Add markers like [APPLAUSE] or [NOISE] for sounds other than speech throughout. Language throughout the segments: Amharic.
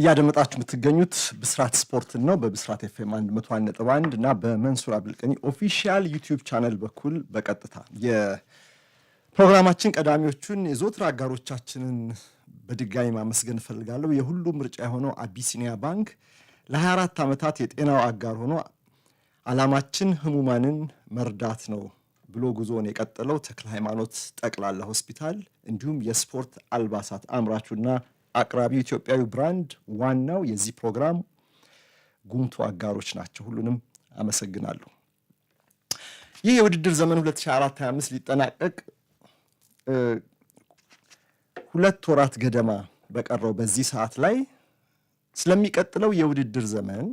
እያደመጣችሁ የምትገኙት ብስራት ስፖርትን ነው። በብስራት ኤፍኤም 101.1 እና በመንሱር አብዱልቀኒ ኦፊሻል ዩቲዩብ ቻነል በኩል በቀጥታ የፕሮግራማችን ቀዳሚዎቹን የዘወትር አጋሮቻችንን በድጋሚ ማመስገን እፈልጋለሁ። የሁሉም ምርጫ የሆነው አቢሲኒያ ባንክ ለ24 ዓመታት የጤናው አጋር ሆኖ አላማችን ህሙማንን መርዳት ነው ብሎ ጉዞውን የቀጠለው ተክለ ሃይማኖት ጠቅላላ ሆስፒታል እንዲሁም የስፖርት አልባሳት አምራቹና አቅራቢው ኢትዮጵያዊ ብራንድ፣ ዋናው የዚህ ፕሮግራም ጉምቱ አጋሮች ናቸው። ሁሉንም አመሰግናለሁ። ይህ የውድድር ዘመን 2024/25 ሊጠናቀቅ ሁለት ወራት ገደማ በቀረው በዚህ ሰዓት ላይ ስለሚቀጥለው የውድድር ዘመን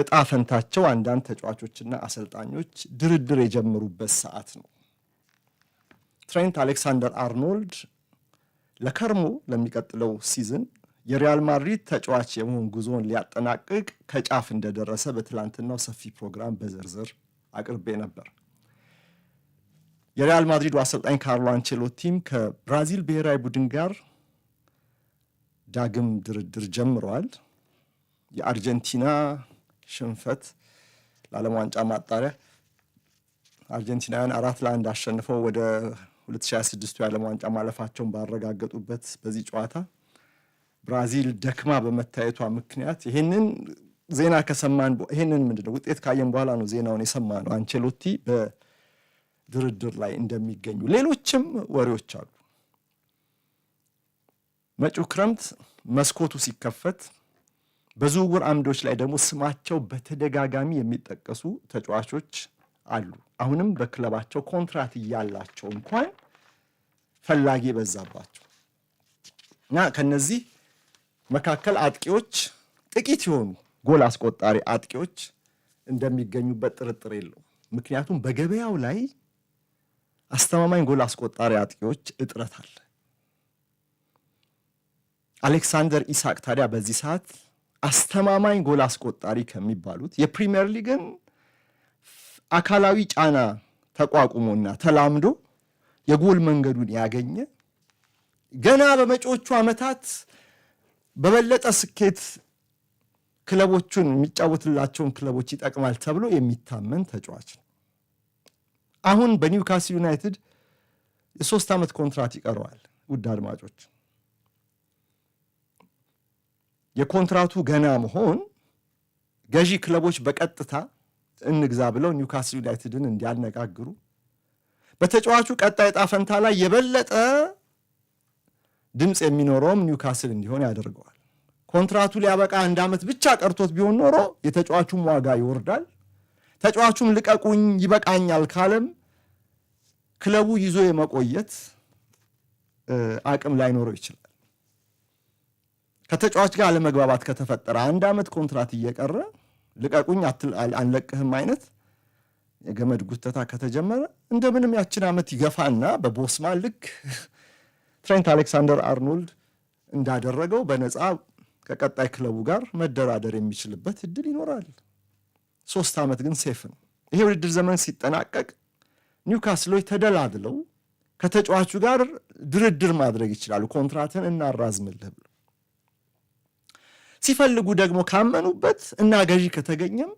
እጣ ፈንታቸው አንዳንድ ተጫዋቾችና አሰልጣኞች ድርድር የጀመሩበት ሰዓት ነው። ትሬንት አሌክሳንደር አርኖልድ ለከርሞ ለሚቀጥለው ሲዝን የሪያል ማድሪድ ተጫዋች የመሆን ጉዞውን ሊያጠናቅቅ ከጫፍ እንደደረሰ በትላንትናው ሰፊ ፕሮግራም በዝርዝር አቅርቤ ነበር። የሪያል ማድሪዱ አሰልጣኝ ካርሎ አንቼሎቲም ከብራዚል ብሔራዊ ቡድን ጋር ዳግም ድርድር ጀምረዋል። የአርጀንቲና ሽንፈት ለዓለም ዋንጫ ማጣሪያ አርጀንቲናውያን አራት ለአንድ አሸንፈው ወደ 2026ቱ የዓለም ዋንጫ ማለፋቸውን ባረጋገጡበት በዚህ ጨዋታ ብራዚል ደክማ በመታየቷ ምክንያት ይህንን ዜና ከሰማን ይህንን ምንድነው ውጤት ካየን በኋላ ነው ዜናውን የሰማ ነው አንቸሎቲ በድርድር ላይ እንደሚገኙ ሌሎችም ወሬዎች አሉ። መጪው ክረምት መስኮቱ ሲከፈት በዝውውር አምዶች ላይ ደግሞ ስማቸው በተደጋጋሚ የሚጠቀሱ ተጫዋቾች አሉ። አሁንም በክለባቸው ኮንትራት እያላቸው እንኳን ፈላጊ በዛባቸው እና ከነዚህ መካከል አጥቂዎች ጥቂት የሆኑ ጎል አስቆጣሪ አጥቂዎች እንደሚገኙበት ጥርጥር የለውም። ምክንያቱም በገበያው ላይ አስተማማኝ ጎል አስቆጣሪ አጥቂዎች እጥረት አለ። አሌክሳንደር ኢሳቅ ታዲያ በዚህ ሰዓት አስተማማኝ ጎል አስቆጣሪ ከሚባሉት የፕሪምየር ሊግን አካላዊ ጫና ተቋቁሞና ተላምዶ የጎል መንገዱን ያገኘ ገና በመጪዎቹ ዓመታት በበለጠ ስኬት ክለቦቹን የሚጫወትላቸውን ክለቦች ይጠቅማል ተብሎ የሚታመን ተጫዋች ነው። አሁን በኒውካስል ዩናይትድ የሶስት ዓመት ኮንትራት ይቀረዋል። ውድ አድማጮች የኮንትራቱ ገና መሆን ገዢ ክለቦች በቀጥታ እንግዛ ብለው ኒውካስል ዩናይትድን እንዲያነጋግሩ በተጫዋቹ ቀጣይ ጣፈንታ ላይ የበለጠ ድምፅ የሚኖረውም ኒውካስል እንዲሆን ያደርገዋል። ኮንትራቱ ሊያበቃ አንድ ዓመት ብቻ ቀርቶት ቢሆን ኖሮ የተጫዋቹም ዋጋ ይወርዳል። ተጫዋቹም ልቀቁኝ ይበቃኛል ካለም ክለቡ ይዞ የመቆየት አቅም ላይኖረው ይችላል። ከተጫዋች ጋር አለመግባባት ከተፈጠረ አንድ ዓመት ኮንትራት እየቀረ ልቀቁኝ አንለቅህም አይነት የገመድ ጉተታ ከተጀመረ እንደምንም ያችን ዓመት ይገፋና በቦስማን ልክ [LAUGHS] ትሬንት አሌክሳንደር አርኖልድ እንዳደረገው በነፃ ከቀጣይ ክለቡ ጋር መደራደር የሚችልበት እድል ይኖራል። ሶስት ዓመት ግን ሴፍ ነው። ይሄ ውድድር ዘመን ሲጠናቀቅ ኒውካስሎች ተደላድለው ከተጫዋቹ ጋር ድርድር ማድረግ ይችላሉ። ኮንትራትን እናራዝምልህ ብሎ ሲፈልጉ ደግሞ ካመኑበት እና ገዢ ከተገኘም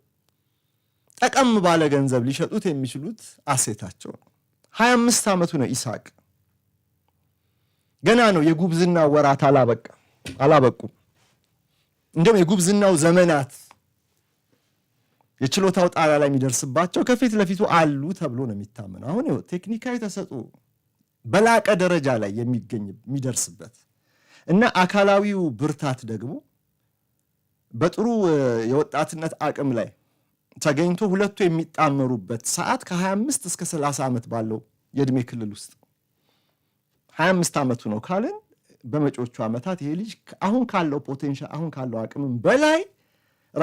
ጠቀም ባለ ገንዘብ ሊሸጡት የሚችሉት አሴታቸው ነው። ሀያ አምስት ዓመቱ ነው ይስሐቅ። ገና ነው የጉብዝና ወራት አላበቃ አላበቁም። እንዲሁም የጉብዝናው ዘመናት የችሎታው ጣሪያ ላይ የሚደርስባቸው ከፊት ለፊቱ አሉ ተብሎ ነው የሚታመነው። አሁን ይኸው ቴክኒካዊ ተሰጦ በላቀ ደረጃ ላይ የሚገኝ የሚደርስበት እና አካላዊው ብርታት ደግሞ በጥሩ የወጣትነት አቅም ላይ ተገኝቶ ሁለቱ የሚጣመሩበት ሰዓት ከ25 እስከ 30 ዓመት ባለው የእድሜ ክልል ውስጥ 25 ዓመቱ ነው ካልን በመጪዎቹ ዓመታት ይሄ ልጅ አሁን ካለው ፖቴንሻል አሁን ካለው አቅምም በላይ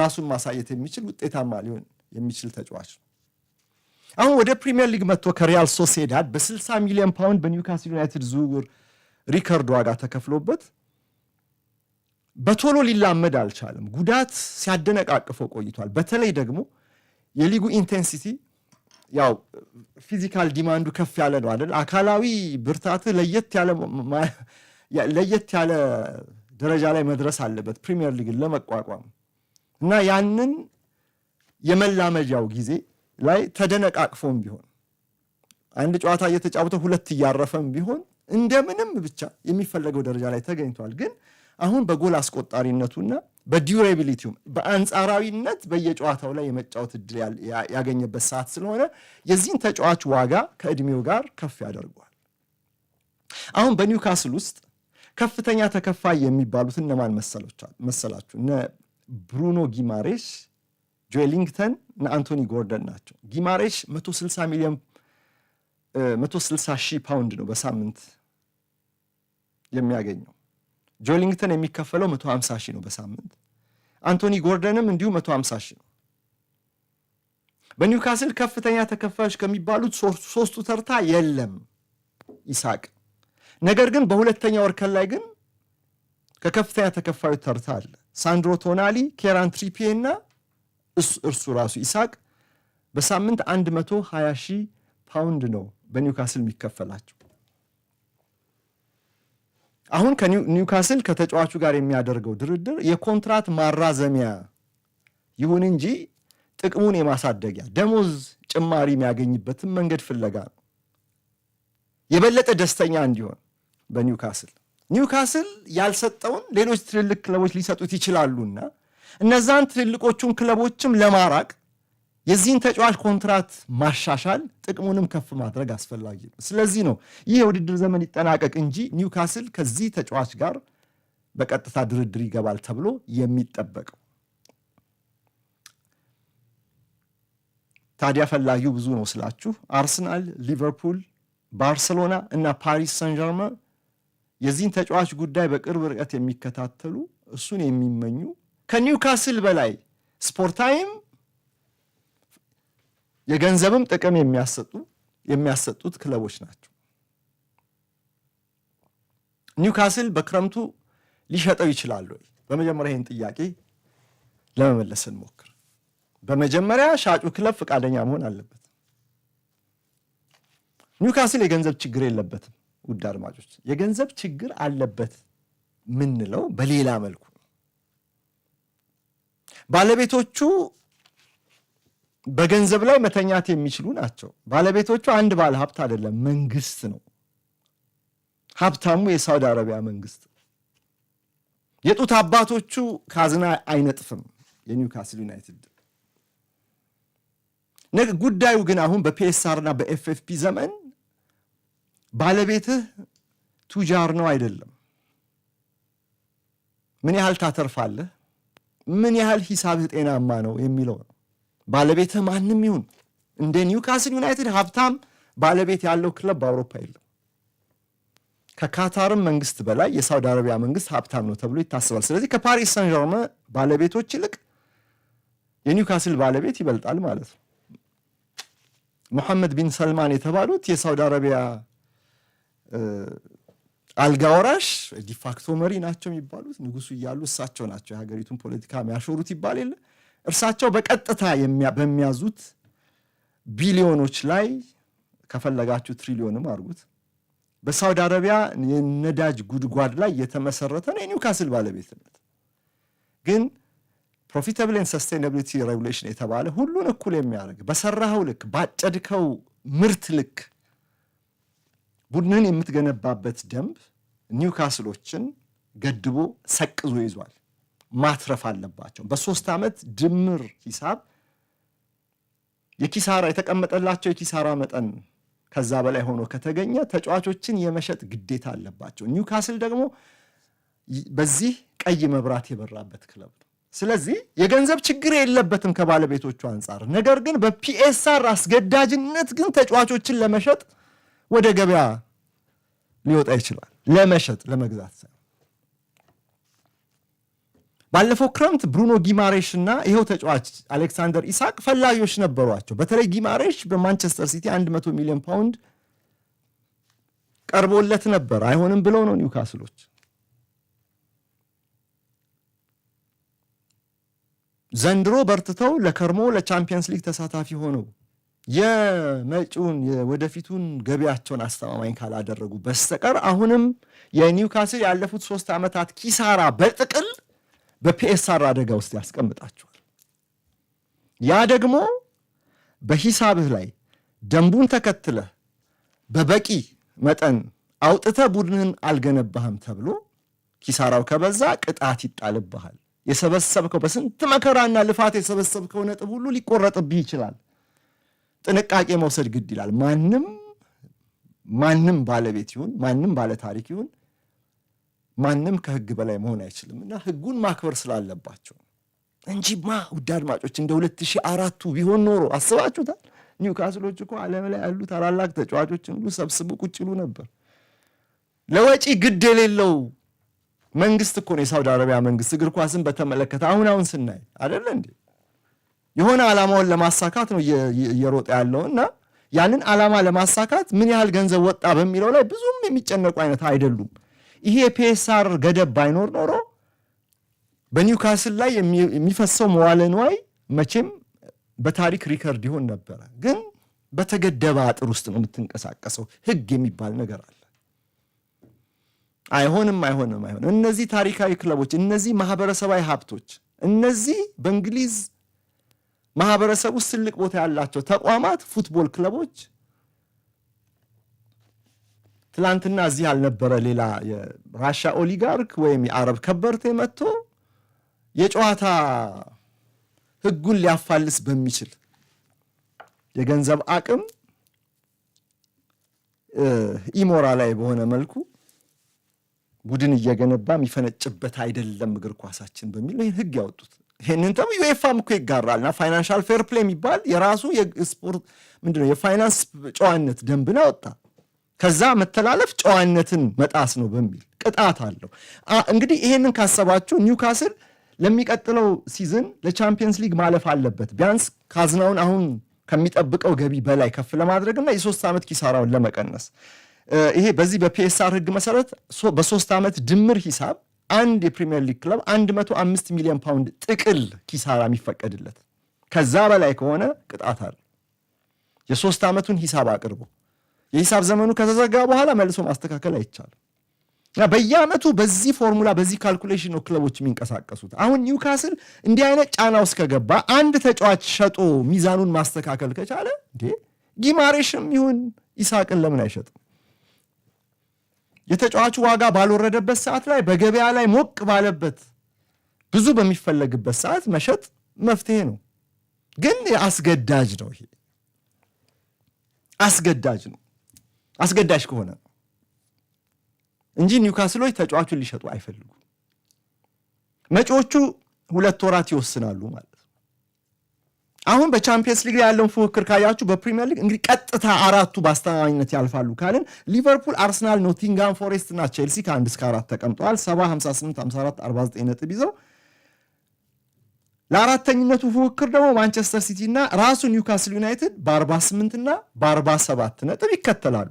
ራሱን ማሳየት የሚችል ውጤታማ ሊሆን የሚችል ተጫዋች ነው። አሁን ወደ ፕሪሚየር ሊግ መጥቶ ከሪያል ሶሴዳድ በ60 ሚሊዮን ፓውንድ በኒውካስል ዩናይትድ ዝውውር ሪከርድ ዋጋ ተከፍሎበት በቶሎ ሊላመድ አልቻለም። ጉዳት ሲያደነቃቅፈው ቆይቷል። በተለይ ደግሞ የሊጉ ኢንቴንሲቲ ያው ፊዚካል ዲማንዱ ከፍ ያለ ነው አይደል? አካላዊ ብርታት ለየት ያለ ደረጃ ላይ መድረስ አለበት ፕሪሚየር ሊግን ለመቋቋም እና ያንን የመላመጃው ጊዜ ላይ ተደነቃቅፎም ቢሆን አንድ ጨዋታ እየተጫወተ ሁለት እያረፈም ቢሆን እንደምንም ብቻ የሚፈለገው ደረጃ ላይ ተገኝቷል። ግን አሁን በጎል አስቆጣሪነቱና በዲዩሬቢሊቲውም በአንጻራዊነት በየጨዋታው ላይ የመጫወት እድል ያገኘበት ሰዓት ስለሆነ የዚህን ተጫዋች ዋጋ ከእድሜው ጋር ከፍ ያደርገዋል። አሁን በኒውካስል ውስጥ ከፍተኛ ተከፋይ የሚባሉት እነማን መሰላችሁ? እነ ብሩኖ ጊማሬሽ፣ ጆሊንግተን እና አንቶኒ ጎርደን ናቸው። ጊማሬሽ 160 ሚሊዮን 160 ሺህ ፓውንድ ነው በሳምንት የሚያገኘው ጆሊንግተን የሚከፈለው 150 ሺህ ነው በሳምንት። አንቶኒ ጎርደንም እንዲሁ 150 ሺህ ነው። በኒውካስል ከፍተኛ ተከፋዮች ከሚባሉት ሶስቱ ተርታ የለም ይስሐቅ። ነገር ግን በሁለተኛ ወርከን ላይ ግን ከከፍተኛ ተከፋዮች ተርታ አለ። ሳንድሮ ቶናሊ፣ ኬራን ትሪፒ እና እርሱ ራሱ ይስሐቅ በሳምንት 120 ሺህ ፓውንድ ነው በኒውካስል የሚከፈላቸው። አሁን ከኒውካስል ከተጫዋቹ ጋር የሚያደርገው ድርድር የኮንትራት ማራዘሚያ ይሁን እንጂ ጥቅሙን የማሳደጊያ ደሞዝ ጭማሪ የሚያገኝበትን መንገድ ፍለጋ ነው። የበለጠ ደስተኛ እንዲሆን በኒውካስል ኒውካስል ያልሰጠውን ሌሎች ትልልቅ ክለቦች ሊሰጡት ይችላሉና እነዛን ትልልቆቹን ክለቦችም ለማራቅ የዚህን ተጫዋች ኮንትራት ማሻሻል ጥቅሙንም ከፍ ማድረግ አስፈላጊ ነው። ስለዚህ ነው ይህ የውድድር ዘመን ይጠናቀቅ እንጂ ኒውካስል ከዚህ ተጫዋች ጋር በቀጥታ ድርድር ይገባል ተብሎ የሚጠበቀው። ታዲያ ፈላጊው ብዙ ነው ስላችሁ አርሰናል፣ ሊቨርፑል፣ ባርሰሎና እና ፓሪስ ሰንጀርማ የዚህን ተጫዋች ጉዳይ በቅርብ ርቀት የሚከታተሉ እሱን የሚመኙ ከኒውካስል በላይ ስፖርታዊም የገንዘብም ጥቅም የሚያሰጡ የሚያሰጡት ክለቦች ናቸው። ኒውካስል በክረምቱ ሊሸጠው ይችላል ወይ? በመጀመሪያ ይህን ጥያቄ ለመመለስ እንሞክር። በመጀመሪያ ሻጩ ክለብ ፈቃደኛ መሆን አለበት። ኒውካስል የገንዘብ ችግር የለበትም። ውድ አድማጮች፣ የገንዘብ ችግር አለበት ምንለው በሌላ መልኩ ባለቤቶቹ በገንዘብ ላይ መተኛት የሚችሉ ናቸው። ባለቤቶቹ አንድ ባለ ሀብት አይደለም፣ መንግስት ነው። ሀብታሙ የሳውዲ አረቢያ መንግስት። የጡት አባቶቹ ካዝና አይነጥፍም የኒውካስል ዩናይትድ። ጉዳዩ ግን አሁን በፒኤስአር እና በኤፍኤፍፒ ዘመን ባለቤትህ ቱጃር ነው አይደለም፣ ምን ያህል ታተርፋለህ፣ ምን ያህል ሂሳብህ ጤናማ ነው የሚለው ነው። ባለቤተ ማንም ይሁን እንደ ኒውካስል ዩናይትድ ሀብታም ባለቤት ያለው ክለብ በአውሮፓ የለም። ከካታርም መንግስት በላይ የሳውዲ አረቢያ መንግስት ሀብታም ነው ተብሎ ይታሰባል። ስለዚህ ከፓሪስ ሳን ዠርመ ባለቤቶች ይልቅ የኒውካስል ባለቤት ይበልጣል ማለት ነው። ሙሐመድ ቢን ሰልማን የተባሉት የሳውዲ አረቢያ አልጋ ወራሽ ዲፋክቶ መሪ ናቸው የሚባሉት ንጉሱ እያሉ እሳቸው ናቸው የሀገሪቱን ፖለቲካ የሚያሾሩት ይባል የለ እርሳቸው በቀጥታ በሚያዙት ቢሊዮኖች ላይ ከፈለጋችሁ ትሪሊዮንም አድርጉት በሳውዲ አረቢያ የነዳጅ ጉድጓድ ላይ የተመሰረተ ነው የኒውካስል ባለቤትነት። ግን ፕሮፊታብል ን ሰስቴናብሊቲ ሬጉሌሽን የተባለ ሁሉን እኩል የሚያደርግ በሰራኸው ልክ ባጨድከው ምርት ልክ ቡድንን የምትገነባበት ደንብ ኒውካስሎችን ገድቦ ሰቅዞ ይዟል። ማትረፍ አለባቸው። በሶስት ዓመት ድምር ሂሳብ የኪሳራ የተቀመጠላቸው የኪሳራ መጠን ከዛ በላይ ሆኖ ከተገኘ ተጫዋቾችን የመሸጥ ግዴታ አለባቸው። ኒውካስል ደግሞ በዚህ ቀይ መብራት የበራበት ክለብ ነው። ስለዚህ የገንዘብ ችግር የለበትም ከባለቤቶቹ አንጻር። ነገር ግን በፒኤስአር አስገዳጅነት ግን ተጫዋቾችን ለመሸጥ ወደ ገበያ ሊወጣ ይችላል። ለመሸጥ ለመግዛት ባለፈው ክረምት ብሩኖ ጊማሬሽ እና ይኸው ተጫዋች አሌክሳንደር ኢሳቅ ፈላጊዎች ነበሯቸው። በተለይ ጊማሬሽ በማንቸስተር ሲቲ 100 ሚሊዮን ፓውንድ ቀርቦለት ነበር። አይሆንም ብለው ነው ኒውካስሎች። ዘንድሮ በርትተው ለከርሞ ለቻምፒየንስ ሊግ ተሳታፊ ሆነው የመጪውን ወደፊቱን ገቢያቸውን አስተማማኝ ካላደረጉ በስተቀር አሁንም የኒውካስል ያለፉት ሶስት ዓመታት ኪሳራ በጥቅል በፒኤስአር አደጋ ውስጥ ያስቀምጣችኋል። ያ ደግሞ በሂሳብህ ላይ ደንቡን ተከትለህ በበቂ መጠን አውጥተህ ቡድንህን አልገነባህም ተብሎ ኪሳራው ከበዛ ቅጣት ይጣልብሃል። የሰበሰብከው በስንት መከራና ልፋት የሰበሰብከው ነጥብ ሁሉ ሊቆረጥብህ ይችላል። ጥንቃቄ መውሰድ ግድ ይላል። ማንም ማንም ባለቤት ይሁን ማንም ባለታሪክ ይሁን ማንም ከህግ በላይ መሆን አይችልም እና ህጉን ማክበር ስላለባቸው እንጂማ ውድ አድማጮች እንደ ሁለት ሺህ አራቱ ቢሆን ኖሮ አስባችሁታል። ኒውካስሎች እኮ ዓለም ላይ ያሉ ታላላቅ ተጫዋቾችን ሁሉ ሰብስቡ ቁጭ ይሉ ነበር። ለወጪ ግድ የሌለው መንግስት እኮ ነው የሳውዲ አረቢያ መንግስት እግር ኳስን በተመለከተ አሁን አሁን ስናይ አደለ እንዴ? የሆነ ዓላማውን ለማሳካት ነው እየሮጠ ያለው እና ያንን ዓላማ ለማሳካት ምን ያህል ገንዘብ ወጣ በሚለው ላይ ብዙም የሚጨነቁ አይነት አይደሉም። ይሄ የፒኤስአር ገደብ ባይኖር ኖሮ በኒውካስል ላይ የሚፈሰው መዋለ ንዋይ መቼም በታሪክ ሪከርድ ይሆን ነበረ። ግን በተገደበ አጥር ውስጥ ነው የምትንቀሳቀሰው። ህግ የሚባል ነገር አለ። አይሆንም፣ አይሆንም፣ አይሆንም። እነዚህ ታሪካዊ ክለቦች፣ እነዚህ ማህበረሰባዊ ሀብቶች፣ እነዚህ በእንግሊዝ ማህበረሰብ ውስጥ ትልቅ ቦታ ያላቸው ተቋማት፣ ፉትቦል ክለቦች ትላንትና እዚህ ያልነበረ ሌላ የራሻ ኦሊጋርክ ወይም የአረብ ከበርቴ መጥቶ የጨዋታ ህጉን ሊያፋልስ በሚችል የገንዘብ አቅም ኢሞራ ላይ በሆነ መልኩ ቡድን እየገነባ የሚፈነጭበት አይደለም እግር ኳሳችን በሚል ነው ይህን ሕግ ያወጡት። ይህንን ተም ዩኤፋም እኮ ይጋራልና ፋይናንሻል ፌር የሚባል የራሱ የስፖርት ምንድነው የፋይናንስ ጨዋነት ደንብን አወጣ። ከዛ መተላለፍ ጨዋነትን መጣስ ነው በሚል ቅጣት አለው። እንግዲህ ይሄንን ካሰባችሁ ኒውካስል ለሚቀጥለው ሲዝን ለቻምፒየንስ ሊግ ማለፍ አለበት ቢያንስ ካዝናውን አሁን ከሚጠብቀው ገቢ በላይ ከፍ ለማድረግ የሶስት ዓመት ኪሳራውን ለመቀነስ ይሄ በዚህ በፒኤስአር ህግ መሰረት በሶስት ዓመት ድምር ሂሳብ አንድ የፕሪሚየር ሊግ ክለብ 105 ሚሊዮን ፓውንድ ጥቅል ኪሳራ የሚፈቀድለት ከዛ በላይ ከሆነ ቅጣት አለ። የሶስት ዓመቱን ሂሳብ አቅርቡ። የሂሳብ ዘመኑ ከተዘጋ በኋላ መልሶ ማስተካከል አይቻልም። እና በየአመቱ በዚህ ፎርሙላ በዚህ ካልኩሌሽን ነው ክለቦች የሚንቀሳቀሱት። አሁን ኒውካስል እንዲህ አይነት ጫና ውስጥ ከገባ አንድ ተጫዋች ሸጦ ሚዛኑን ማስተካከል ከቻለ እንዴ ጊማሬሽም ይሁን ኢሳቅን ለምን አይሸጥም? የተጫዋቹ ዋጋ ባልወረደበት ሰዓት ላይ በገበያ ላይ ሞቅ ባለበት ብዙ በሚፈለግበት ሰዓት መሸጥ መፍትሄ ነው። ግን አስገዳጅ ነው፣ ይሄ አስገዳጅ ነው። አስገዳጅ ከሆነ ነው እንጂ ኒውካስሎች ተጫዋቹን ሊሸጡ አይፈልጉም። መጪዎቹ ሁለት ወራት ይወስናሉ ማለት ነው። አሁን በቻምፒየንስ ሊግ ላይ ያለውን ፉክክር ካያችሁ በፕሪሚየር ሊግ እንግዲህ ቀጥታ አራቱ በአስተማማኝነት ያልፋሉ ካልን ሊቨርፑል፣ አርሰናል፣ ኖቲንጋም ፎሬስት እና ቼልሲ ከአንድ እስከ አራት ተቀምጠዋል። 7፣ 58፣ 54፣ 49 ነጥብ ይዘው ለአራተኝነቱ ፉክክር ደግሞ ማንቸስተር ሲቲ እና ራሱ ኒውካስል ዩናይትድ በ48 እና በ47 ነጥብ ይከተላሉ።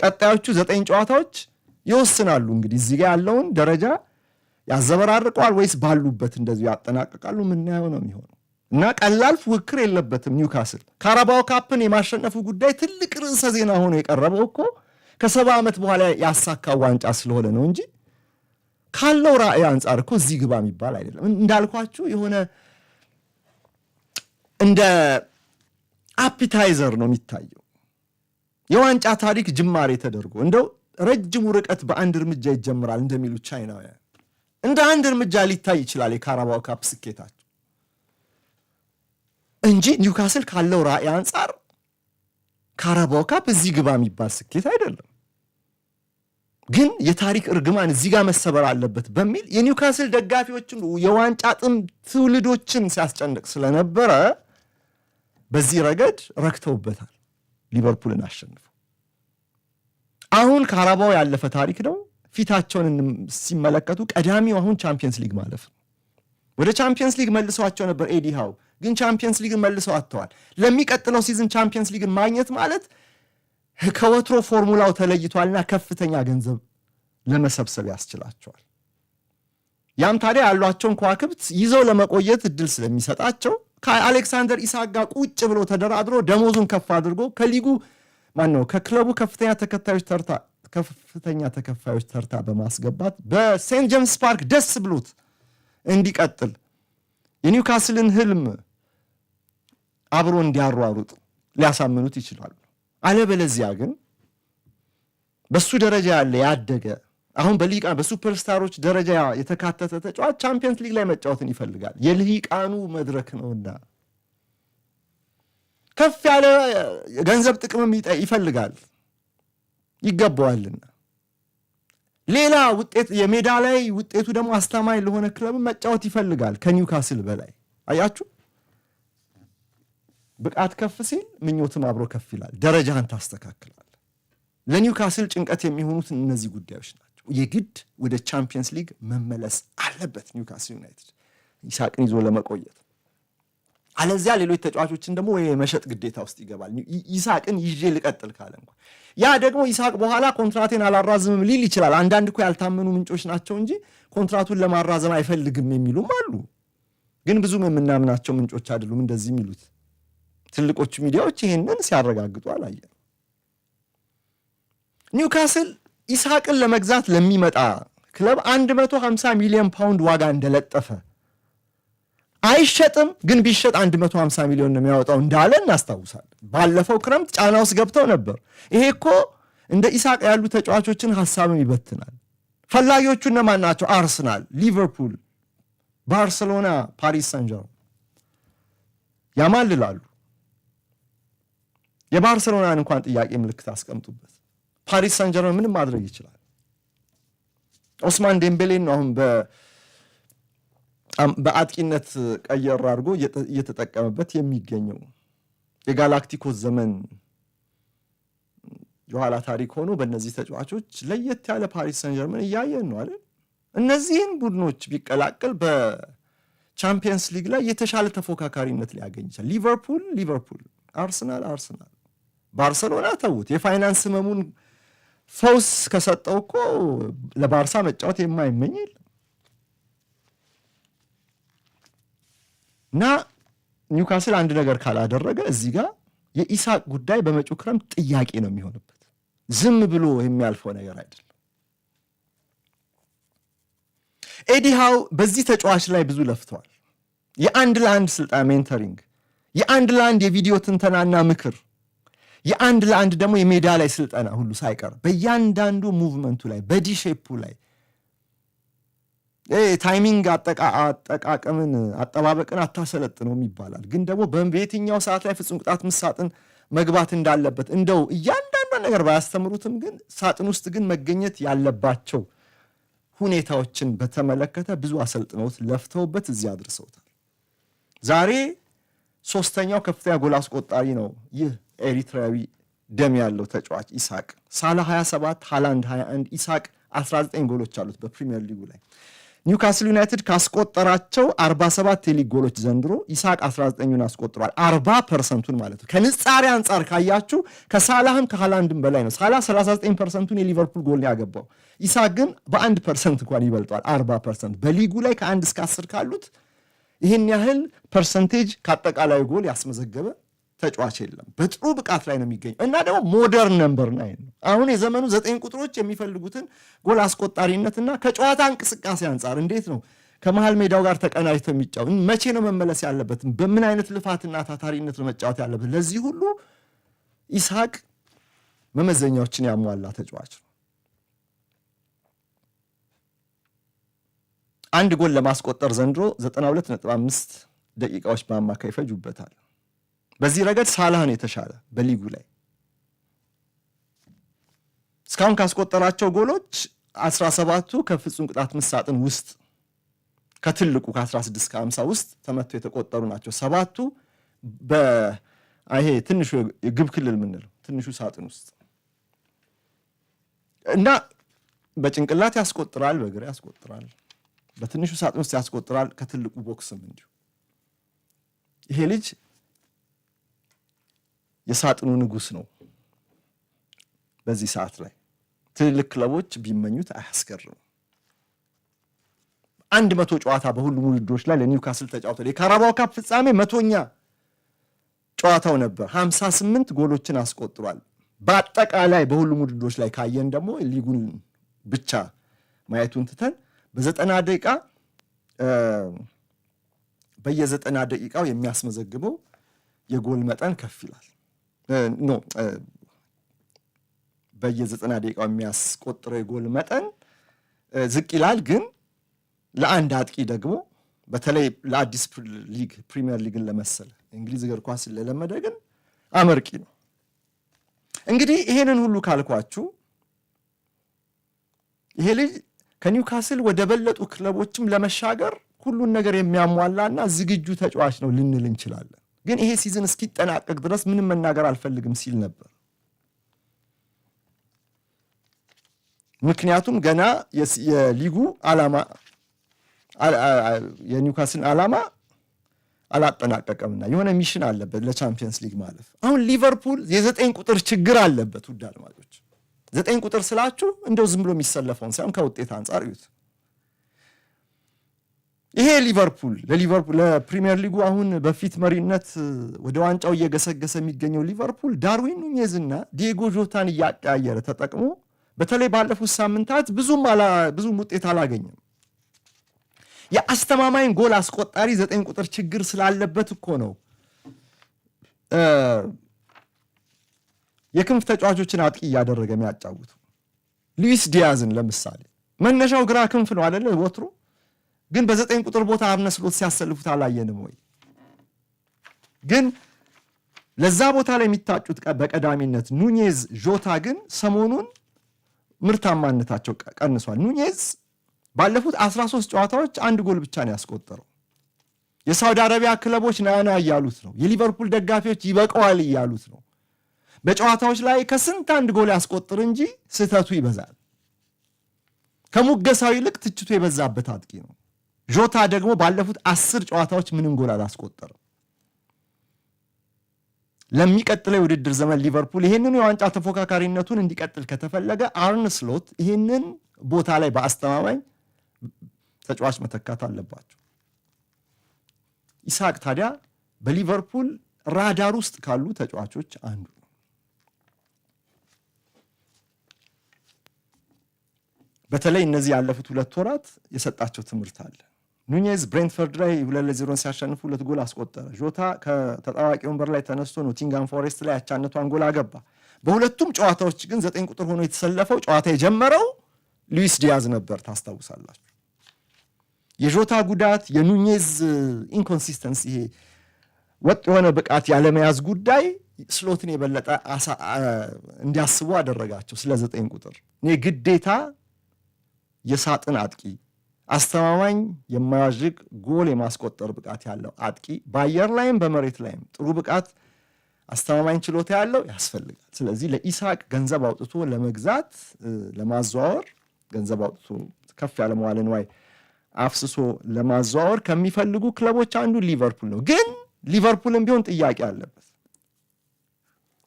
ቀጣዮቹ ዘጠኝ ጨዋታዎች ይወስናሉ። እንግዲህ እዚህ ጋ ያለውን ደረጃ ያዘበራርቀዋል ወይስ ባሉበት እንደዚሁ ያጠናቀቃሉ? ምናየው ነው የሚሆነው እና ቀላል ፉክክር የለበትም ኒውካስል። ካራባው ካፕን የማሸነፉ ጉዳይ ትልቅ ርዕሰ ዜና ሆኖ የቀረበው እኮ ከሰባ ዓመት በኋላ ያሳካው ዋንጫ ስለሆነ ነው እንጂ ካለው ራዕይ አንጻር እኮ እዚህ ግባ የሚባል አይደለም። እንዳልኳችሁ የሆነ እንደ አፒታይዘር ነው የሚታየው የዋንጫ ታሪክ ጅማሬ ተደርጎ እንደው ረጅሙ ርቀት በአንድ እርምጃ ይጀምራል እንደሚሉ ቻይናውያን እንደ አንድ እርምጃ ሊታይ ይችላል የካራባው ካፕ ስኬታቸው እንጂ ኒውካስል ካለው ራዕይ አንጻር ካራባው ካፕ እዚህ ግባ የሚባል ስኬት አይደለም። ግን የታሪክ እርግማን እዚህ ጋር መሰበር አለበት በሚል የኒውካስል ደጋፊዎችን የዋንጫ ጥም ትውልዶችን ሲያስጨንቅ ስለነበረ በዚህ ረገድ ረክተውበታል። ሊቨርፑልን አሸንፉ። አሁን ካራባው ያለፈ ታሪክ ነው። ፊታቸውን ሲመለከቱ ቀዳሚው አሁን ቻምፒየንስ ሊግ ማለፍ ነው። ወደ ቻምፒየንስ ሊግ መልሰዋቸው ነበር ኤዲ ሃው ግን ቻምፒየንስ ሊግን መልሰው አጥተዋል። ለሚቀጥለው ሲዝን ቻምፒየንስ ሊግን ማግኘት ማለት ከወትሮ ፎርሙላው ተለይቷልና ከፍተኛ ገንዘብ ለመሰብሰብ ያስችላቸዋል። ያም ታዲያ ያሏቸውን ከዋክብት ይዘው ለመቆየት እድል ስለሚሰጣቸው ከአሌክሳንደር ኢሳጋ ጋር ቁጭ ብሎ ተደራድሮ ደሞዙን ከፍ አድርጎ ከሊጉ ማነው ከክለቡ ከፍተኛ ተከታዮች ተርታ ከፍተኛ ተከፋዮች ተርታ በማስገባት በሴንት ጀምስ ፓርክ ደስ ብሎት እንዲቀጥል የኒውካስልን ህልም አብሮ እንዲያሯሩጥ ሊያሳምኑት ይችላሉ። አለበለዚያ ግን በሱ ደረጃ ያለ ያደገ አሁን በሊቃ በሱፐርስታሮች ደረጃ የተካተተ ተጫዋች ቻምፒየንስ ሊግ ላይ መጫወትን ይፈልጋል። የልሂቃኑ መድረክ ነውና ከፍ ያለ ገንዘብ ጥቅምም ይፈልጋል ይገባዋልና። ሌላ ውጤት የሜዳ ላይ ውጤቱ ደግሞ አስተማማኝ ለሆነ ክለብ መጫወት ይፈልጋል ከኒውካስል በላይ አያችሁ። ብቃት ከፍ ሲል ምኞትም አብሮ ከፍ ይላል። ደረጃን ታስተካክላል። ለኒውካስል ጭንቀት የሚሆኑት እነዚህ ጉዳዮች ናቸው። የግድ ወደ ቻምፒየንስ ሊግ መመለስ አለበት ኒውካስል ዩናይትድ ይሳቅን ይዞ ለመቆየት አለዚያ ሌሎች ተጫዋቾችን ደግሞ የመሸጥ ግዴታ ውስጥ ይገባል። ይሳቅን ይዤ ልቀጥል ካለ እንኳ ያ ደግሞ ይሳቅ በኋላ ኮንትራቴን አላራዝምም ሊል ይችላል። አንዳንድ እኮ ያልታመኑ ምንጮች ናቸው እንጂ ኮንትራቱን ለማራዘም አይፈልግም የሚሉም አሉ። ግን ብዙም የምናምናቸው ምንጮች አይደሉም እንደዚህ የሚሉት። ትልቆቹ ሚዲያዎች ይህንን ሲያረጋግጡ አላየ። ኒውካስል ኢስሐቅን ለመግዛት ለሚመጣ ክለብ 150 ሚሊዮን ፓውንድ ዋጋ እንደለጠፈ አይሸጥም፣ ግን ቢሸጥ 150 ሚሊዮን ነው የሚያወጣው እንዳለ እናስታውሳለን። ባለፈው ክረምት ጫና ውስጥ ገብተው ነበር። ይሄ እኮ እንደ ኢስሐቅ ያሉ ተጫዋቾችን ሀሳብም ይበትናል። ፈላጊዎቹ እነማን ናቸው? አርሰናል፣ ሊቨርፑል፣ ባርሰሎና፣ ፓሪስ ሰንጀር ያማልላሉ። የባርሴሎናን እንኳን ጥያቄ ምልክት አስቀምጡበት። ፓሪስ ሳን ጀርመን ምንም ማድረግ ይችላል። ኦስማን ዴምቤሌን ነው አሁን በአጥቂነት ቀየር አድርጎ እየተጠቀመበት የሚገኘው የጋላክቲኮስ ዘመን የኋላ ታሪክ ሆኖ በእነዚህ ተጫዋቾች ለየት ያለ ፓሪስ ሳን ጀርመን እያየን ነው አይደል? እነዚህን ቡድኖች ቢቀላቀል በቻምፒየንስ ሊግ ላይ የተሻለ ተፎካካሪነት ሊያገኝ ይችላል። ሊቨርፑል ሊቨርፑል፣ አርሰናል አርሰናል፣ ባርሰሎና ተዉት የፋይናንስ ህመሙን ፈውስ ከሰጠው እኮ ለባርሳ መጫወት የማይመኝ የለም እና ኒውካስል አንድ ነገር ካላደረገ እዚህ ጋር የኢሳቅ ጉዳይ በመጪው ክረምት ጥያቄ ነው የሚሆንበት። ዝም ብሎ የሚያልፈው ነገር አይደለም። ኤዲሃው በዚህ ተጫዋች ላይ ብዙ ለፍተዋል። የአንድ ለአንድ ስልጣን ሜንተሪንግ፣ የአንድ ለአንድ የቪዲዮ ትንተናና ምክር የአንድ ለአንድ ደግሞ የሜዳ ላይ ስልጠና ሁሉ ሳይቀር በእያንዳንዱ ሙቭመንቱ ላይ በዲሼፑ ላይ ታይሚንግ አጠቃቀምን አጠባበቅን አታሰለጥነውም ይባላል። ግን ደግሞ በየትኛው ሰዓት ላይ ፍጹም ቅጣት ምት ሳጥን መግባት እንዳለበት እንደው እያንዳንዷን ነገር ባያስተምሩትም፣ ግን ሳጥን ውስጥ ግን መገኘት ያለባቸው ሁኔታዎችን በተመለከተ ብዙ አሰልጥነውት ለፍተውበት እዚህ አድርሰውታል። ዛሬ ሶስተኛው ከፍተኛ ጎል አስቆጣሪ ነው ይህ ኤሪትራዊ ደም ያለው ተጫዋች ኢሳቅ ሳላ 27 ሃላንድ 21 ኢሳቅ 19 ጎሎች አሉት በፕሪሚየር ሊጉ ላይ ኒውካስል ዩናይትድ ካስቆጠራቸው 47 የሊግ ጎሎች ዘንድሮ ኢሳቅ 19ን አስቆጥሯል 40 ፐርሰንቱን ማለት ነው ከንጻሪ አንጻር ካያችሁ ከሳላህም ከሃላንድም በላይ ነው ሳላ 39 ፐርሰንቱን የሊቨርፑል ጎል ያገባው ኢሳቅ ግን በአንድ ፐርሰንት እንኳን ይበልጧል 40 ፐርሰንት በሊጉ ላይ ከአንድ እስከ 10 ካሉት ይህን ያህል ፐርሰንቴጅ ከአጠቃላይ ጎል ያስመዘገበ ተጫዋች የለም። በጥሩ ብቃት ላይ ነው የሚገኘው እና ደግሞ ሞደርን ነምበር ናይን ነው። አሁን የዘመኑ ዘጠኝ ቁጥሮች የሚፈልጉትን ጎል አስቆጣሪነትና ከጨዋታ እንቅስቃሴ አንጻር እንዴት ነው ከመሃል ሜዳው ጋር ተቀናጅተው የሚጫወት መቼ ነው መመለስ ያለበት? በምን አይነት ልፋትና ታታሪነት ነው መጫወት ያለበት? ለዚህ ሁሉ ኢስሐቅ መመዘኛዎችን ያሟላ ተጫዋች ነው። አንድ ጎል ለማስቆጠር ዘንድሮ 92.5 ደቂቃዎች በአማካይ ይፈጁበታል። በዚህ ረገድ ሳላህ ነው የተሻለ በሊጉ ላይ እስካሁን ካስቆጠራቸው ጎሎች 17ቱ ከፍጹም ቅጣት ምሳጥን ውስጥ ከትልቁ ከ16 ከ50 ውስጥ ተመተው የተቆጠሩ ናቸው። ሰባቱ ይሄ ትንሹ የግብ ክልል የምንለው ትንሹ ሳጥን ውስጥ እና በጭንቅላት ያስቆጥራል፣ በግራ ያስቆጥራል፣ በትንሹ ሳጥን ውስጥ ያስቆጥራል፣ ከትልቁ ቦክስም እንዲሁ ይሄ ልጅ የሳጥኑ ንጉስ ነው። በዚህ ሰዓት ላይ ትልልቅ ክለቦች ቢመኙት አያስገርም። አንድ መቶ ጨዋታ በሁሉም ውድድሮች ላይ ለኒውካስል ተጫውቷል። የካራባው ካፕ ፍጻሜ መቶኛ ጨዋታው ነበር። 58 ጎሎችን አስቆጥሯል። በአጠቃላይ በሁሉም ውድድሮች ላይ ካየን ደግሞ ሊጉን ብቻ ማየቱን ትተን በዘጠና ደቂቃ በየዘጠና ደቂቃው የሚያስመዘግበው የጎል መጠን ከፍ ይላል። ኖ በየዘጠና ደቂቃው የሚያስቆጥረው የጎል መጠን ዝቅ ይላል። ግን ለአንድ አጥቂ ደግሞ በተለይ ለአዲስ ሊግ ፕሪሚየር ሊግን ለመሰለ እንግሊዝ እግር ኳስ ለለመደ ግን አመርቂ ነው። እንግዲህ ይሄንን ሁሉ ካልኳችሁ ይሄ ልጅ ከኒውካስል ወደ በለጡ ክለቦችም ለመሻገር ሁሉን ነገር የሚያሟላና ዝግጁ ተጫዋች ነው ልንል እንችላለን። ግን ይሄ ሲዝን እስኪጠናቀቅ ድረስ ምንም መናገር አልፈልግም ሲል ነበር። ምክንያቱም ገና የሊጉ ዓላማ የኒውካስልን ዓላማ አላጠናቀቀምና የሆነ ሚሽን አለበት ለቻምፒየንስ ሊግ ማለፍ። አሁን ሊቨርፑል የዘጠኝ ቁጥር ችግር አለበት። ውድ አድማጮች፣ ዘጠኝ ቁጥር ስላችሁ እንደው ዝም ብሎ የሚሰለፈውን ሳይሆን ከውጤት አንጻር እዩት። ይሄ ሊቨርፑል ለሊቨርፑል ለፕሪሚየር ሊጉ አሁን በፊት መሪነት ወደ ዋንጫው እየገሰገሰ የሚገኘው ሊቨርፑል ዳርዊን ኑኔዝና ዲየጎ ጆታን እያቀያየረ ተጠቅሞ በተለይ ባለፉት ሳምንታት ብዙም ብዙም ውጤት አላገኘም። የአስተማማኝ ጎል አስቆጣሪ ዘጠኝ ቁጥር ችግር ስላለበት እኮ ነው የክንፍ ተጫዋቾችን አጥቂ እያደረገ የሚያጫውቱ ሉዊስ ዲያዝን ለምሳሌ መነሻው ግራ ክንፍ ነው አደለ ወትሮ ግን በዘጠኝ ቁጥር ቦታ አርነ ስሎት ሲያሰልፉት አላየንም ወይ? ግን ለዛ ቦታ ላይ የሚታጩት በቀዳሚነት ኑኔዝ፣ ዦታ ግን ሰሞኑን ምርታማነታቸው ቀንሷል። ኑኔዝ ባለፉት 13 ጨዋታዎች አንድ ጎል ብቻ ነው ያስቆጠረው። የሳውዲ አረቢያ ክለቦች ናና እያሉት ነው። የሊቨርፑል ደጋፊዎች ይበቀዋል እያሉት ነው። በጨዋታዎች ላይ ከስንት አንድ ጎል ያስቆጥር እንጂ ስህተቱ ይበዛል። ከሙገሳው ይልቅ ትችቱ የበዛበት አጥቂ ነው። ጆታ ደግሞ ባለፉት አስር ጨዋታዎች ምንም ጎል አላስቆጠረም። ለሚቀጥለው የውድድር ዘመን ሊቨርፑል ይህንኑ የዋንጫ ተፎካካሪነቱን እንዲቀጥል ከተፈለገ አርን ስሎት ይህንን ቦታ ላይ በአስተማማኝ ተጫዋች መተካት አለባቸው። ኢሳቅ ታዲያ በሊቨርፑል ራዳር ውስጥ ካሉ ተጫዋቾች አንዱ ነው። በተለይ እነዚህ ያለፉት ሁለት ወራት የሰጣቸው ትምህርት አለ። ኑኔዝ ብሬንትፈርድ ላይ ሁለት ለዜሮን ሲያሸንፉ ሁለት ጎል አስቆጠረ። ጆታ ከተጣዋቂ ወንበር ላይ ተነስቶ ኖቲንጋም ፎሬስት ላይ አቻነቷን ጎል አገባ። በሁለቱም ጨዋታዎች ግን ዘጠኝ ቁጥር ሆኖ የተሰለፈው ጨዋታ የጀመረው ሉዊስ ዲያዝ ነበር። ታስታውሳላችሁ። የዦታ ጉዳት፣ የኑኔዝ ኢንኮንሲስተንስ፣ ይሄ ወጥ የሆነ ብቃት ያለመያዝ ጉዳይ ስሎትን የበለጠ እንዲያስቡ አደረጋቸው። ስለ ዘጠኝ ቁጥር እኔ ግዴታ የሳጥን አጥቂ አስተማማኝ የማያዥግ ጎል የማስቆጠር ብቃት ያለው አጥቂ በአየር ላይም በመሬት ላይም ጥሩ ብቃት አስተማማኝ ችሎታ ያለው ያስፈልጋል። ስለዚህ ለኢስሐቅ ገንዘብ አውጥቶ ለመግዛት ለማዘዋወር ገንዘብ አውጥቶ ከፍ ያለ መዋለ ንዋይ አፍስሶ ለማዘዋወር ከሚፈልጉ ክለቦች አንዱ ሊቨርፑል ነው። ግን ሊቨርፑልም ቢሆን ጥያቄ አለበት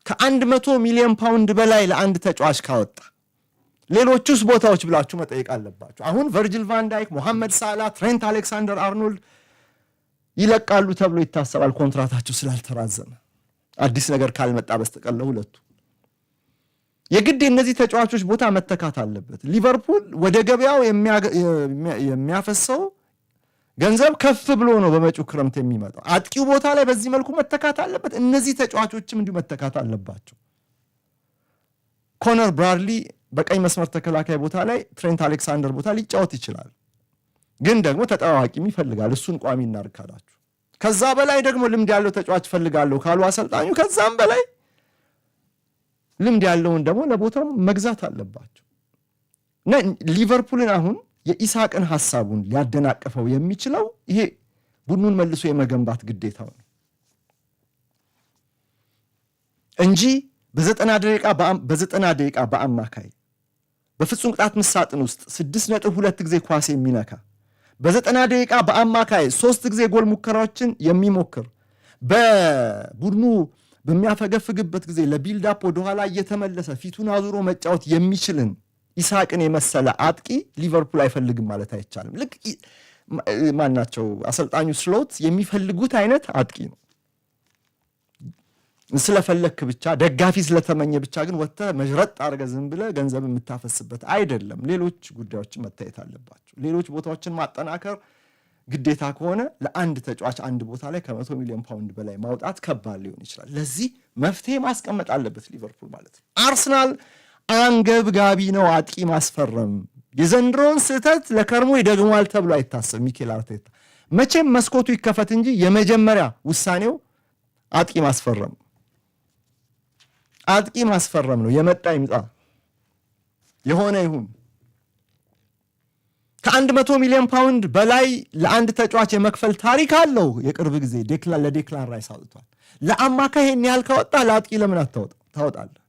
ከአንድ መቶ ሚሊዮን ፓውንድ በላይ ለአንድ ተጫዋች ካወጣ ሌሎቹስ ቦታዎች ብላችሁ መጠየቅ አለባችሁ። አሁን ቨርጅል ቫንዳይክ፣ ሞሐመድ ሳላ፣ ትሬንት አሌክሳንደር አርኖልድ ይለቃሉ ተብሎ ይታሰባል። ኮንትራታቸው ስላልተራዘመ አዲስ ነገር ካልመጣ በስተቀር ለሁለቱ የግድ እነዚህ ተጫዋቾች ቦታ መተካት አለበት። ሊቨርፑል ወደ ገበያው የሚያፈሰው ገንዘብ ከፍ ብሎ ነው በመጪው ክረምት የሚመጣው። አጥቂው ቦታ ላይ በዚህ መልኩ መተካት አለበት። እነዚህ ተጫዋቾችም እንዲሁ መተካት አለባቸው። ኮነር ብራድሊ በቀኝ መስመር ተከላካይ ቦታ ላይ ትሬንት አሌክሳንደር ቦታ ሊጫወት ይችላል። ግን ደግሞ ተጠባባቂም ይፈልጋል። እሱን ቋሚ እናድርግ ከዛ በላይ ደግሞ ልምድ ያለው ተጫዋች ፈልጋለሁ ካሉ አሰልጣኙ፣ ከዛም በላይ ልምድ ያለውን ደግሞ ለቦታው መግዛት አለባቸው። ሊቨርፑልን አሁን የኢሳቅን ሀሳቡን ሊያደናቅፈው የሚችለው ይሄ ቡድኑን መልሶ የመገንባት ግዴታው ነው እንጂ በዘጠና ደቂቃ በዘጠና ደቂቃ በአማካይ በፍጹም ቅጣት ምት ሳጥን ውስጥ 6.2 ጊዜ ኳስ የሚነካ በዘጠና ደቂቃ በአማካይ ሶስት ጊዜ ጎል ሙከራዎችን የሚሞክር በቡድኑ በሚያፈገፍግበት ጊዜ ለቢልዳፕ ወደኋላ እየተመለሰ ፊቱን አዙሮ መጫወት የሚችልን ኢሳቅን የመሰለ አጥቂ ሊቨርፑል አይፈልግም ማለት አይቻልም። ልክ ማናቸው አሰልጣኙ ስሎት የሚፈልጉት አይነት አጥቂ ነው። ስለፈለክ ብቻ ደጋፊ ስለተመኘ ብቻ ግን ወጥተህ መዥረጥ አድርገህ ዝም ብለ ገንዘብ የምታፈስበት አይደለም። ሌሎች ጉዳዮችን መታየት አለባቸው። ሌሎች ቦታዎችን ማጠናከር ግዴታ ከሆነ ለአንድ ተጫዋች አንድ ቦታ ላይ ከመቶ ሚሊዮን ፓውንድ በላይ ማውጣት ከባድ ሊሆን ይችላል። ለዚህ መፍትሄ ማስቀመጥ አለበት ሊቨርፑል ማለት ነው። አርሰናል አንገብጋቢ ነው አጥቂ ማስፈረም። የዘንድሮውን ስህተት ለከርሞ ይደግሟል ተብሎ አይታሰብ። ሚኬል አርቴታ መቼም መስኮቱ ይከፈት እንጂ የመጀመሪያ ውሳኔው አጥቂ ማስፈረም አጥቂ ማስፈረም ነው። የመጣ ይምጣ የሆነ ይሁን። ከአንድ መቶ ሚሊዮን ፓውንድ በላይ ለአንድ ተጫዋች የመክፈል ታሪክ አለው። የቅርብ ጊዜ ዴክላን ለዴክላን ራይስ አውጥቷል። ለአማካይ ይህን ያህል ካወጣ ለአጥቂ ለምን ታወጣለህ?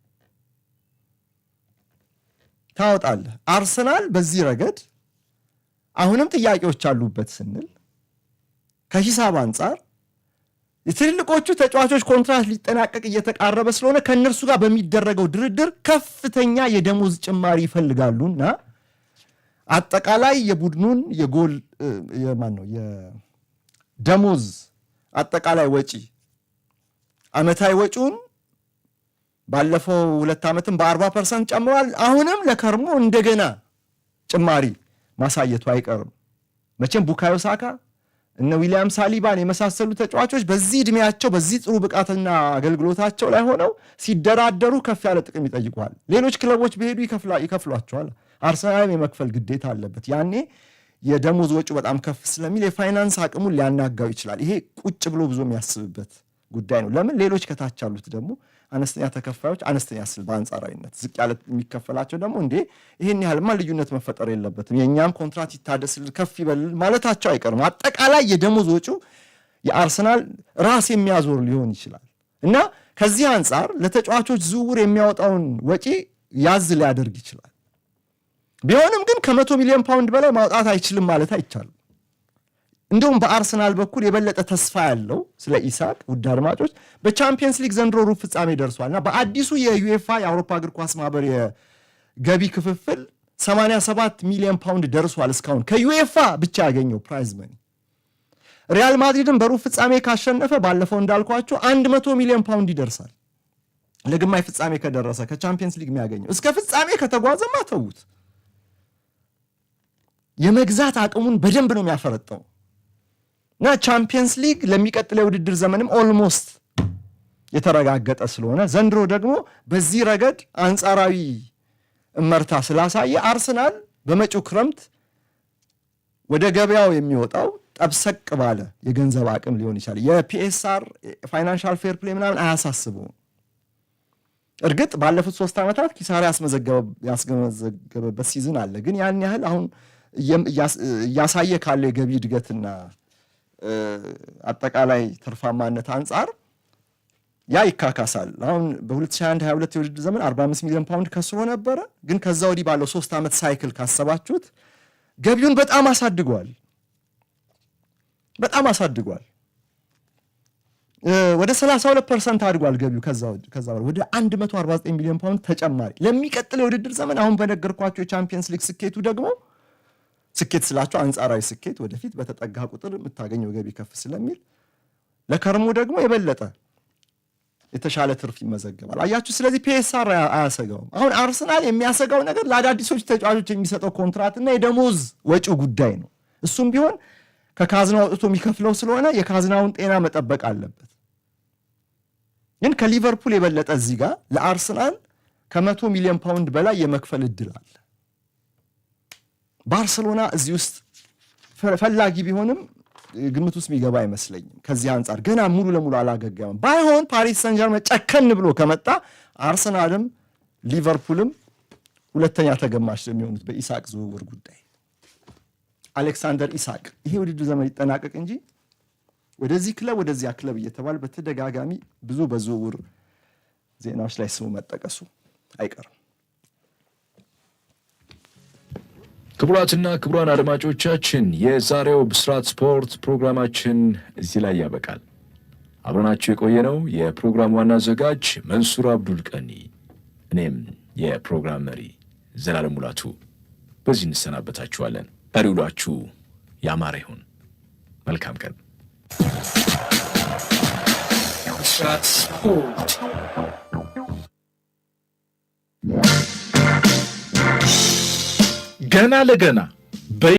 ታወጣለህ። አርሰናል በዚህ ረገድ አሁንም ጥያቄዎች አሉበት ስንል ከሂሳብ አንጻር የትልልቆቹ ተጫዋቾች ኮንትራት ሊጠናቀቅ እየተቃረበ ስለሆነ ከእነርሱ ጋር በሚደረገው ድርድር ከፍተኛ የደሞዝ ጭማሪ እና አጠቃላይ የቡድኑን የጎል ማን ነው የደሞዝ አጠቃላይ ወጪ አመታዊ ወጪውን ባለፈው ሁለት ዓመትም በአርባ ፐርሰንት ጨምሯል። አሁንም ለከርሞ እንደገና ጭማሪ ማሳየቱ አይቀርም። መቼም ቡካዮ ሳካ እነ ዊሊያም ሳሊባን የመሳሰሉ ተጫዋቾች በዚህ እድሜያቸው በዚህ ጥሩ ብቃትና አገልግሎታቸው ላይ ሆነው ሲደራደሩ ከፍ ያለ ጥቅም ይጠይቋል። ሌሎች ክለቦች በሄዱ ይከፍሏቸዋል። አርሰናልም የመክፈል ግዴታ አለበት። ያኔ የደሞዝ ወጪ በጣም ከፍ ስለሚል የፋይናንስ አቅሙን ሊያናጋው ይችላል። ይሄ ቁጭ ብሎ ብዙ የሚያስብበት ጉዳይ ነው። ለምን ሌሎች ከታች ያሉት ደግሞ አነስተኛ ተከፋዮች አነስተኛ ስል በአንጻራዊነት ዝቅ ያለ የሚከፈላቸው ደግሞ እንዴ ይህን ያህልማ ልዩነት መፈጠር የለበትም የእኛም ኮንትራት ይታደስል ከፍ ይበል ማለታቸው አይቀርም። አጠቃላይ የደሞዝ ወጪው የአርሰናል ራስ የሚያዞር ሊሆን ይችላል እና ከዚህ አንጻር ለተጫዋቾች ዝውውር የሚያወጣውን ወጪ ያዝ ሊያደርግ ይችላል። ቢሆንም ግን ከመቶ ሚሊዮን ፓውንድ በላይ ማውጣት አይችልም ማለት አይቻልም። እንደውም በአርሰናል በኩል የበለጠ ተስፋ ያለው ስለ ኢሳቅ ውድ አድማጮች በቻምፒየንስ ሊግ ዘንድሮ ሩብ ፍጻሜ ደርሷል እና በአዲሱ የዩኤፋ የአውሮፓ እግር ኳስ ማህበር የገቢ ክፍፍል 87 ሚሊዮን ፓውንድ ደርሷል። እስካሁን ከዩኤፋ ብቻ ያገኘው ፕራይዝ መኒ። ሪያል ማድሪድን በሩብ ፍጻሜ ካሸነፈ ባለፈው እንዳልኳቸው 100 ሚሊዮን ፓውንድ ይደርሳል። ለግማሽ ፍጻሜ ከደረሰ ከቻምፒየንስ ሊግ የሚያገኘው እስከ ፍጻሜ ከተጓዘማ ተዉት። የመግዛት አቅሙን በደንብ ነው የሚያፈረጠው። እና ቻምፒየንስ ሊግ ለሚቀጥለው የውድድር ዘመንም ኦልሞስት የተረጋገጠ ስለሆነ ዘንድሮ ደግሞ በዚህ ረገድ አንጻራዊ እመርታ ስላሳየ አርሰናል በመጪው ክረምት ወደ ገበያው የሚወጣው ጠብሰቅ ባለ የገንዘብ አቅም ሊሆን ይችላል። የፒኤስአር ፋይናንሻል ፌር ፕሌ ምናምን አያሳስበውም። እርግጥ ባለፉት ሶስት ዓመታት ኪሳራ ያስመዘገበበት ሲዝን አለ። ግን ያን ያህል አሁን እያሳየ ካለው የገቢ እድገትና አጠቃላይ ትርፋማነት አንጻር ያ ይካካሳል። አሁን በ2021 22 የውድድር ዘመን 45 ሚሊዮን ፓውንድ ከስሮ ነበረ። ግን ከዛ ወዲህ ባለው ሶስት ዓመት ሳይክል ካሰባችሁት ገቢውን በጣም አሳድጓል፣ በጣም አሳድጓል። ወደ 32 ፐርሰንት አድጓል ገቢው። ከዛ ወደ 149 ሚሊዮን ፓውንድ ተጨማሪ ለሚቀጥለው የውድድር ዘመን አሁን በነገርኳቸው የቻምፒየንስ ሊግ ስኬቱ ደግሞ ስኬት ስላቸው አንጻራዊ ስኬት ወደፊት በተጠጋ ቁጥር የምታገኘው ገቢ ከፍ ስለሚል ለከርሙ ደግሞ የበለጠ የተሻለ ትርፍ ይመዘገባል። አያችሁ፣ ስለዚህ ፒኤስአር አያሰጋውም። አሁን አርሰናል የሚያሰጋው ነገር ለአዳዲሶች ተጫዋቾች የሚሰጠው እና የደሞዝ ወጪው ጉዳይ ነው። እሱም ቢሆን ከካዝና ወጥቶ የሚከፍለው ስለሆነ የካዝናውን ጤና መጠበቅ አለበት። ግን ከሊቨርፑል የበለጠ እዚህ ጋር ለአርሰናል ከመቶ ሚሊዮን ፓውንድ በላይ የመክፈል እድል አለ። ባርሰሎና እዚህ ውስጥ ፈላጊ ቢሆንም ግምት ውስጥ የሚገባ አይመስለኝም። ከዚህ አንጻር ገና ሙሉ ለሙሉ አላገገመም። ባይሆን ፓሪስ ሰን ጨከን ብሎ ከመጣ አርሰናልም ሊቨርፑልም ሁለተኛ ተገማሽ የሚሆኑት በኢሳቅ ዝውውር ጉዳይ አሌክሳንደር ኢሳቅ ይሄ ውድድር ዘመን ይጠናቀቅ እንጂ ወደዚህ ክለብ ወደዚያ ክለብ እየተባለ በተደጋጋሚ ብዙ በዝውውር ዜናዎች ላይ ስሙ መጠቀሱ አይቀርም። ክቡራትና ክቡራን አድማጮቻችን የዛሬው ብስራት ስፖርት ፕሮግራማችን እዚህ ላይ ያበቃል። አብረናችሁ የቆየነው የፕሮግራም ዋና አዘጋጅ መንሱር አብዱል ቀኒ፣ እኔም የፕሮግራም መሪ ዘላለም ሙላቱ በዚህ እንሰናበታችኋለን። ቀሪ ውሏችሁ ያማረ ይሁን። መልካም ቀን። ብስራት ስፖርት ገና ለገና